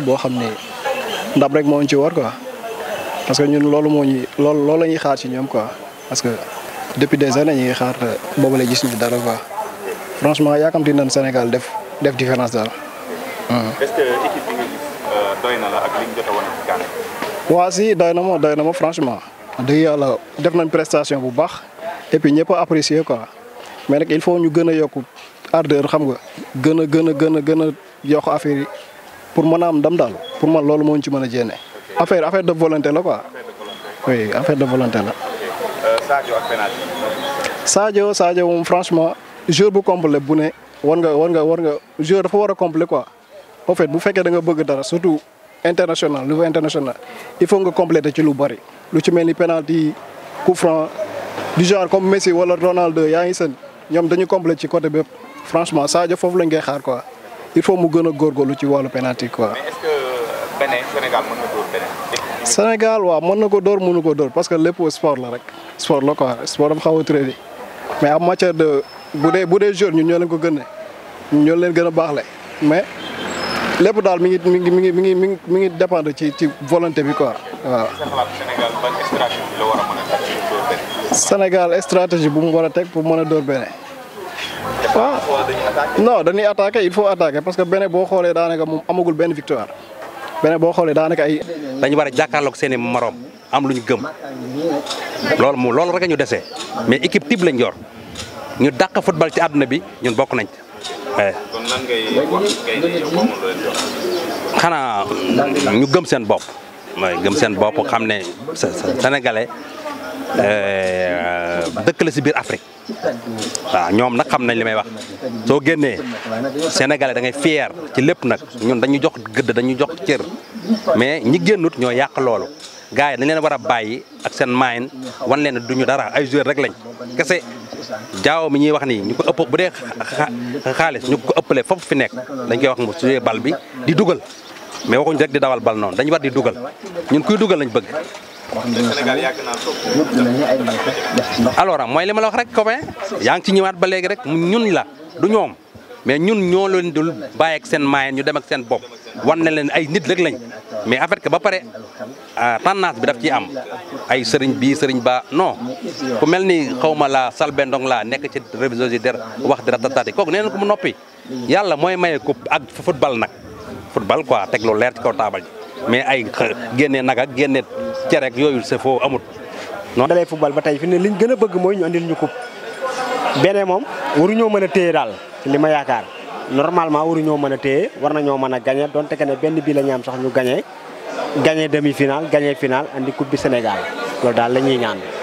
boo xam ne ndab rek moo ñu ci war quoi parce que ñun loolu moo ñu loolu loolu la ñuy xaar ci ñoom quoi parce que depuis des années ñu ngi xaar euh, boobu la gis ñu dara quoi franchement yaakamti nañ Sénégal def def différence daal. est-ce que euh, waa si doy na franchement. dëgg yàlla def nañ prestation bu baax et puis ñëpp a apprécier quoi mais nag il faut ñu gën a yokk ardeur xam nga gën a gën a gën a gën a yokk affaire pour mën a am ndam daal pour man loolu moo ñu ci mën a jéene. affaire affaire de volonté la ko oui affaire de volonté la. Euh, Sadio ak penalty. moom franchement joueur bu complet bu ne war nga war nga war nga joueur dafa war a complet quoi en fait bu fekkee da nga bëgg dara surtout international niveau international il faut nga compléter ci lu bari lu ci mel ni penalty coup franc du genre comme Messi wala Ronaldo yaa ngi seen ñoom dañu compléter ci côté bépp franchement Sadio foofu lañ koy xaar quoi. il faut mu gën a góorgóorlu ci wàllu penalty quoi. mais est euh, Sénégal mën na waaw mën na ko dóor mënu ko dóor parce que lépp sport la rek sport la quoi sport dafa xaw a traité mais en matière de bu dee bu dee joueur ñun ñoo ko gën a ñoo leen gën a baaxle mais lépp daal mi ngi mi ngi mi ngi mi ngi mi ngi mi ngi dépendre ci ci volonté bi quoi waaw. Sénégal ban bu mu war a teg pour mën a dóor beneen. ah non dañuy attaqué il faut attaqué parce que beneen boo xoolee daanaka moom amagul benn victoire beneen boo xoolee daanaka ay. dañu war a jàkkaarloog seen i morom am lu ñu gëm loolu moom loolu rek ñu dese mais équipe type lañ yor ñu dàq football ci àdduna bi ñun bokk nañ kon xanaa ñu gëm seen bopp mooy gëm seen bopp xam ne sénégalais. Eh, dëkk la si biir Afrique waaw ñoom nag xam nañ li may wax soo génnee sénégalais da ngay fier ci lépp nag ñun dañu jox gëdd dañu jox cër mais ñi génnut ñoo yàq loolu gars yi dañ leen war a bàyyi ak seen maayin wan leen duñu dara ay joueur rek lañ kese jaaw mi ñuy wax nii ñu ko ëpp bu dee xaalis ñu ko ëppale foofu fi nekk dañ koy wax mu suyee bal bi di dugal mais waxuñ rek di dawal bal noonu dañu war di dugal ñun kuy dugal lañu bëgg. alors mooy li ma la wax rek copain yaa ngi ci ñëwaat ba léegi rek mu ñun la du ñoom mais ñun ñoo leen dul bàyyi ak seen maay ñu dem ak seen bopp wan na leen ay nit rek lañ mais en fait que ba pare euh, tendance bi daf ci am ay sëriñ bii sëriñ baa non ku mel ni xawma laa Salbe Ndong laa nekk ci révision yi der wax di ratataati kooku nee na ko mu noppi yàlla mooy maye ko ak bal nag. bal quoi teg lu leer ci taabal ji mais ay génne nag ak génne cereek yooyu c'est faux amut. noonu dalee football ba tey fi ne liñ gën a bëgg mooy ñu andil ñu coupe beneen moom waru ñoo mën a téye daal ci li ma yaakaar normalement waruñoo mën a téye war na ñoo mën a gagné donte que ne benn bii la ñu am sax ñu gagné gagné demi final gañee final andi coupe bi Sénégal loolu daal la ñuy ñaan.